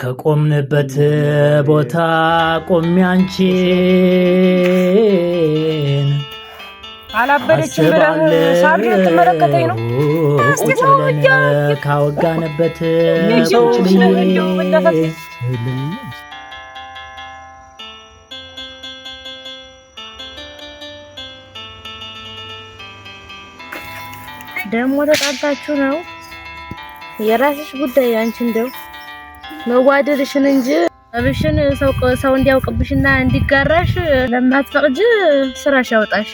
ከቆምንበት ቦታ ቆሜ አንቺን አላበደችም ብለህ ሳቢ ካወጋንበት ደግሞ ተጣጣችሁ ነው። የራስሽ ጉዳይ አንቺ እንደው መዋደድሽን እንጂ አብሽን ሰው ሰው እንዲያውቅብሽና እንዲጋራሽ ለማትፈቅጂ ስራሽ ያውጣሽ።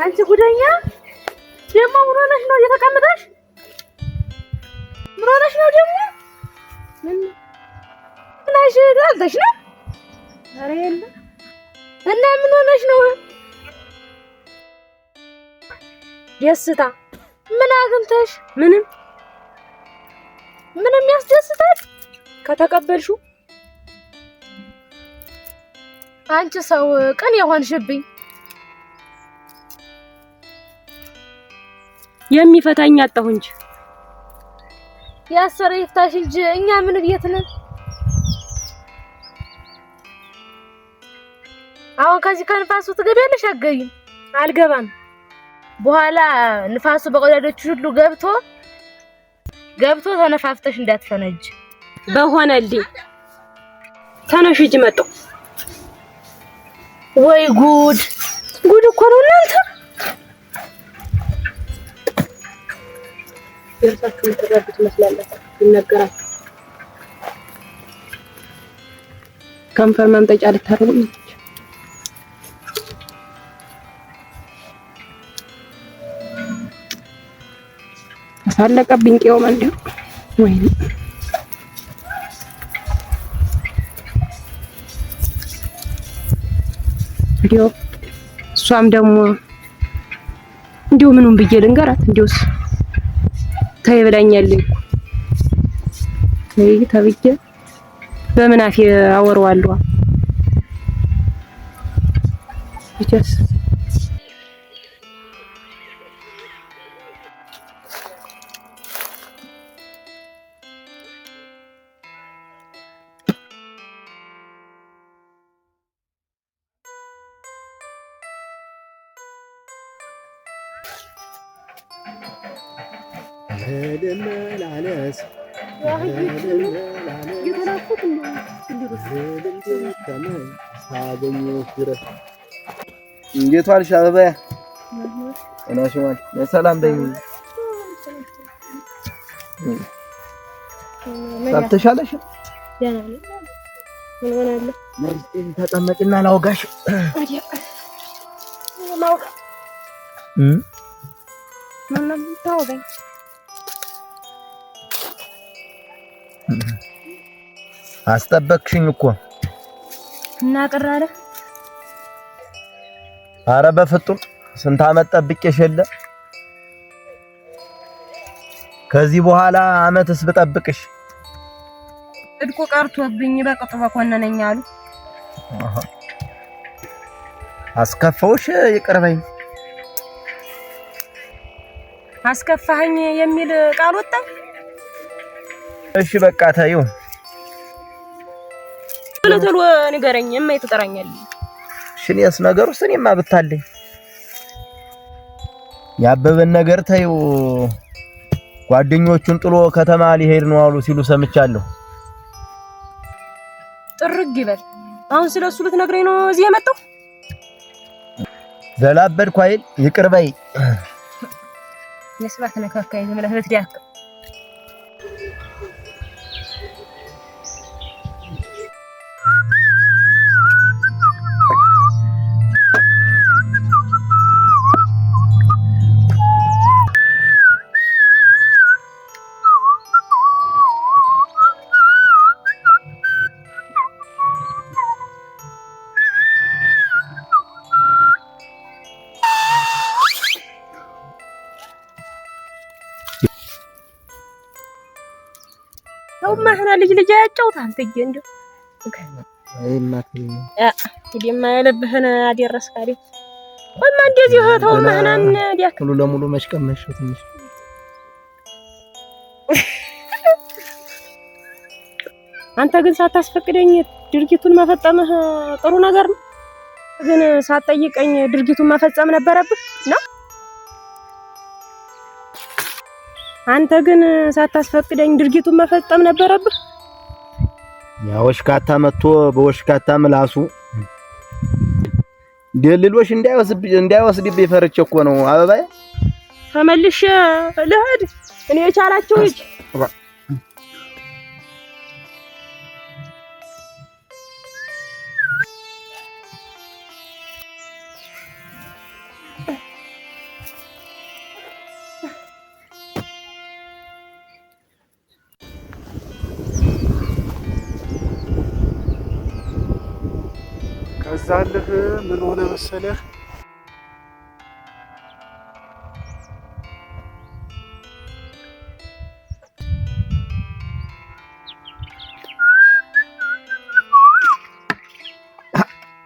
አንቺ ጉደኛ ደግሞ ምን ሆነሽ ነው እየተቀምጠሽ? ምን ሆነሽ ነው ደግሞ? ምን ነሽ ነው? ኧረ የለም። እና ምን ሆነሽ ነው? ደስታ ምን አግኝተሽ? ምንም ምንም ያስደስታል ከተቀበልሽው አንቺ ሰው ቅን የሆንሽብኝ የሚፈታኝ አጣሁ እንጂ ያሰረ ይፍታሽ እንጂ እኛ ምን ቤት ነን? አሁን ከዚህ ከንፋሱ ትገቢያለሽ? አትገቢም? አልገባም። በኋላ ንፋሱ በቆዳዶች ሁሉ ገብቶ ገብቶ ተነፋፍተሽ እንዳትፈነጅ። በሆነልኝ ተነሽ ሂጂ መጣሁ ወይ ጉድ ጉድ እኮ ነው እናንተ። ይነገራችሁ ከንፈር መምጠጫ ልታረጉ አሳለቀብኝ። ቄው መንደው ወይ እንዲሁ እሷም ደግሞ እንዲሁ ምኑን ብዬ ልንገራት? እንዲሁስ ተይ ብላኛለች እኮ ተይ ተብዬ በምን አፌ አወራዋለሁ? እንዴት ዋልሽ አበባዬ? እናሽማል ሰላም በይኝ። ሰብተሻለሽ? ተቀመጭና ላውጋሽ። ምነው የምታወጋኝ? አስጠበቅሽኝ እኮ እና ቅር አለ። አረ በፍጡም ስንት አመት ጠብቄሽ የለ። ከዚህ በኋላ አመትስ ብጠብቅሽ እድቁ ቀርቶብኝ በቅጡ በኮነነኝ አሉ። አስከፈውሽ ይቅር አስከፋኸኝ የሚል ቃል ወጣ። እሺ በቃ ታዩ ቶሎ ቶሎ ንገረኝ። እማዬ ትጠራኛለች። እሺ እኔስ ነገር ውስጥ እኔማ ብታለኝ ያበበን ነገር ታዩ ጓደኞቹን ጥሎ ከተማ ሊሄድ ነው አሉ ሲሉ ሰምቻለሁ። ጥርግ ይበል። አሁን ስለ እሱ ልትነግረኝ ነው እዚህ የመጣው? ገላበድኩ አይደል? ይቅር በይ። መስባት ነካካይ ዝም ብለህ ልጅ ልጅ አያጫውታል ትዬ እንደዚህ መህናን ዲያክ ሙሉ ለሙሉ መሽቀመሽ ትንሽ አንተ ግን ሳታስፈቅደኝ ድርጊቱን መፈጸምህ ጥሩ ነገር ነው። ግን ሳትጠይቀኝ ድርጊቱን መፈጸም ነበረብህ ነው። አንተ ግን ሳታስፈቅደኝ ድርጊቱን መፈጸም ነበረብህ። ያወሽካታ መጥቶ በወሽካታ ምላሱ ደልሎሽ እንዳይወስድ እንዳይወስድብኝ ፈርቼ እኮ ነው። አበባዬ ተመልሽ ልሂድ እኔ የቻላችሁ ልጅ በዛልህ ምን ሆነ መሰለህ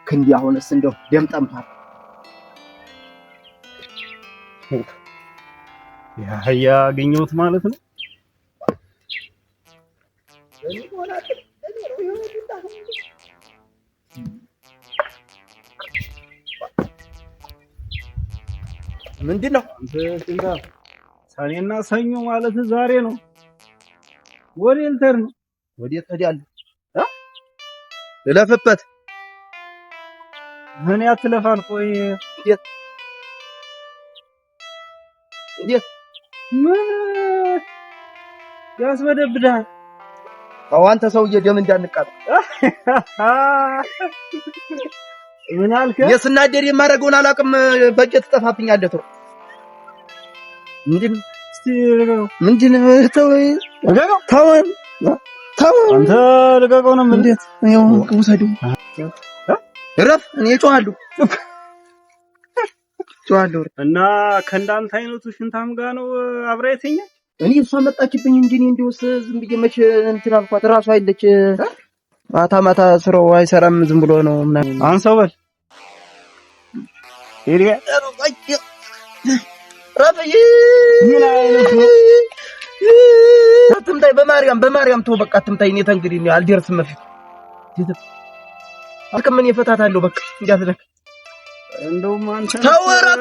ክንዲ አሁንስ እንደው ደም ጠምቷል። ያ ያገኘሁት ማለት ነው። ምንድን ነው ሰኔና ሰኞ ማለት ዛሬ ነው። ወዴ እንተር ነው? ወዴት ትሄዳለህ? እለፍበት። ምን ያትለፋን? ቆይ እንዴት ምን ያስበደብድሃል? አዎ አንተ ሰውዬ ደም እንዳንቃጠል የስናደድ የማደርገውን አላውቅም። በእጄ ትጠፋብኛለህ። ተው ምንድን አንተ እኔ እና ከእንዳንተ አይነቱ ሽንታም ጋር ነው አብራ እኔ እሷ መጣችብኝ እንጂ እኔ ዝም ብዬ እንትን አልኳት። እራሷ አይለች ማታ ማታ ስራው አይሰራም ዝም ብሎ ነው ምናምን አንሰው በል አትምታይ፣ በማርያም በማርያም ተው፣ በቃ አትምታይ። እኔ ተንግዲህ አልደርስም። በፊት አልከምን የፈታታለሁ። በቃ እንዳትደክ እንደውም አንተ ተወራብ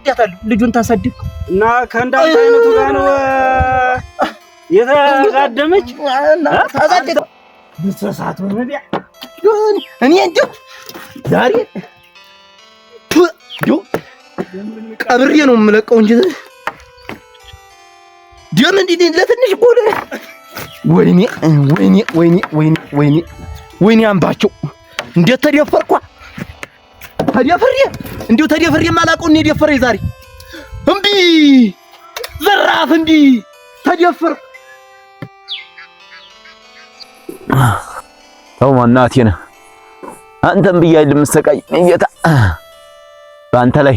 እወዳታለሁ። ልጁን ታሳድግ እና ከእንዳ አይነቱ ጋር ነው የተጋደመች ታሳድግ እኔ ዛሬ ቀብሬ ነው የምለቀው እንጂ ደም እንዲህ ለትንሽ ጎል ወይኔ ወይኔ ወይኔ ወይኔ ወይኔ አንባቸው እንዴት ተደፈርኩ። ተደፍሬ እንዲሁ ተደፍሬ የማላውቀውን ነው የደፈረኝ ዛሬ። እምቢ ዘራፍ፣ እምቢ ተደፍር። ተው ማናቴን፣ አንተም ብያለሁ የምትሰቃይ በአንተ ላይ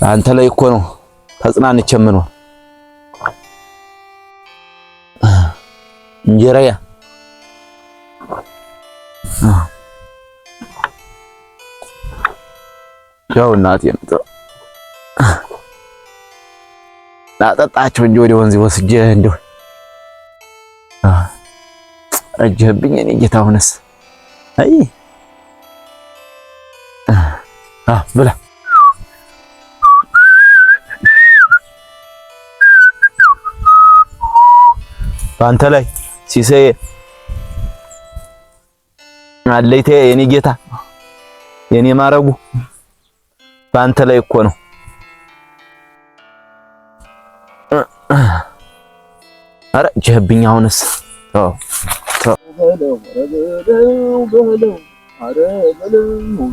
በአንተ ላይ እኮ ነው ተጽናንቼ የምኖር እንጀራያ ያው እናቴ ነው ላጠጣቸው እንጂ ወደ ወንዝ ወስጄ እንደው ረጀህብኝ። እኔ ጌታ ሆነስ አይ ብላ በአንተ ላይ ሲሳይ አለይቴ የኔ ጌታ የኔ ማረጉ በአንተ ላይ እኮ ነው። አረ ጀህብኝ አሁንስ አያ በለው በለው አረ በለው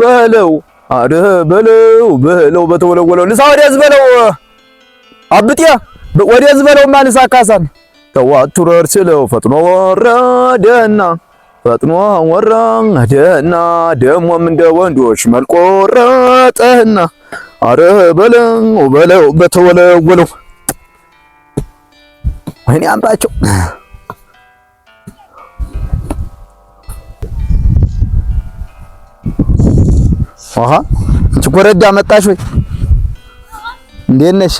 በለው አረ በለው በለው በተወለወለው ልሳ ወዲያዝ በለው አብጥያ ወዲያዝ በለው ማንሳ ካሳን ከዋቱ ስለው ፈጥኖ ወረደና ፈጥኖ ወረደና ደሞም እንደ ወንዶች መልቆ ረጠና አረ በለው በለው በተወለወለው ወይኔ አምባቸው አሃ ችኮረዳ መጣሽ ወይ እንዴት ነሽ?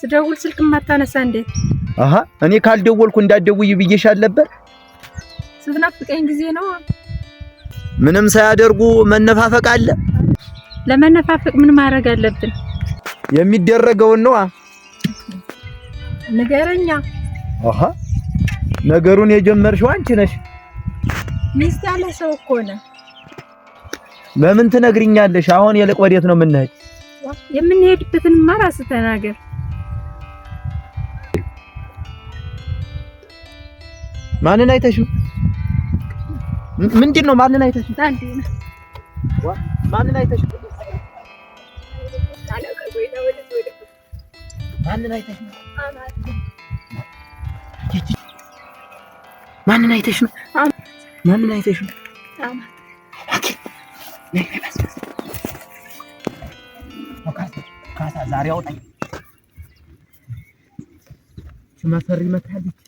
ስደውል ስልክ ማታነሳ እንዴት አሃ እኔ ካልደወልኩ እንዳትደውይ ብዬሻል ነበር። ስትናፍቀኝ ጊዜ ነው። ምንም ሳያደርጉ መነፋፈቅ አለ። ለመነፋፈቅ ምን ማድረግ አለብን? የሚደረገውን ነዋ። ንገረኛ። አሃ ነገሩን የጀመርሽው አንቺ ነሽ። ሚስት ያለ ሰው እኮ ነው። ለምን ትነግሪኛለሽ? አሁን የልቅ ወዴት ነው የምንሄድ? የምንሄድበትን ማራስ ተናገር። ማንን አይተሽው? ምንድን ነው? ማንን አይተሽው? ማንን አይተሽው? ማንን አይተሽ ነው? ማንን አይተሽ ነው? ዛሬ አውጣኝ። ስማሰሪ መታለች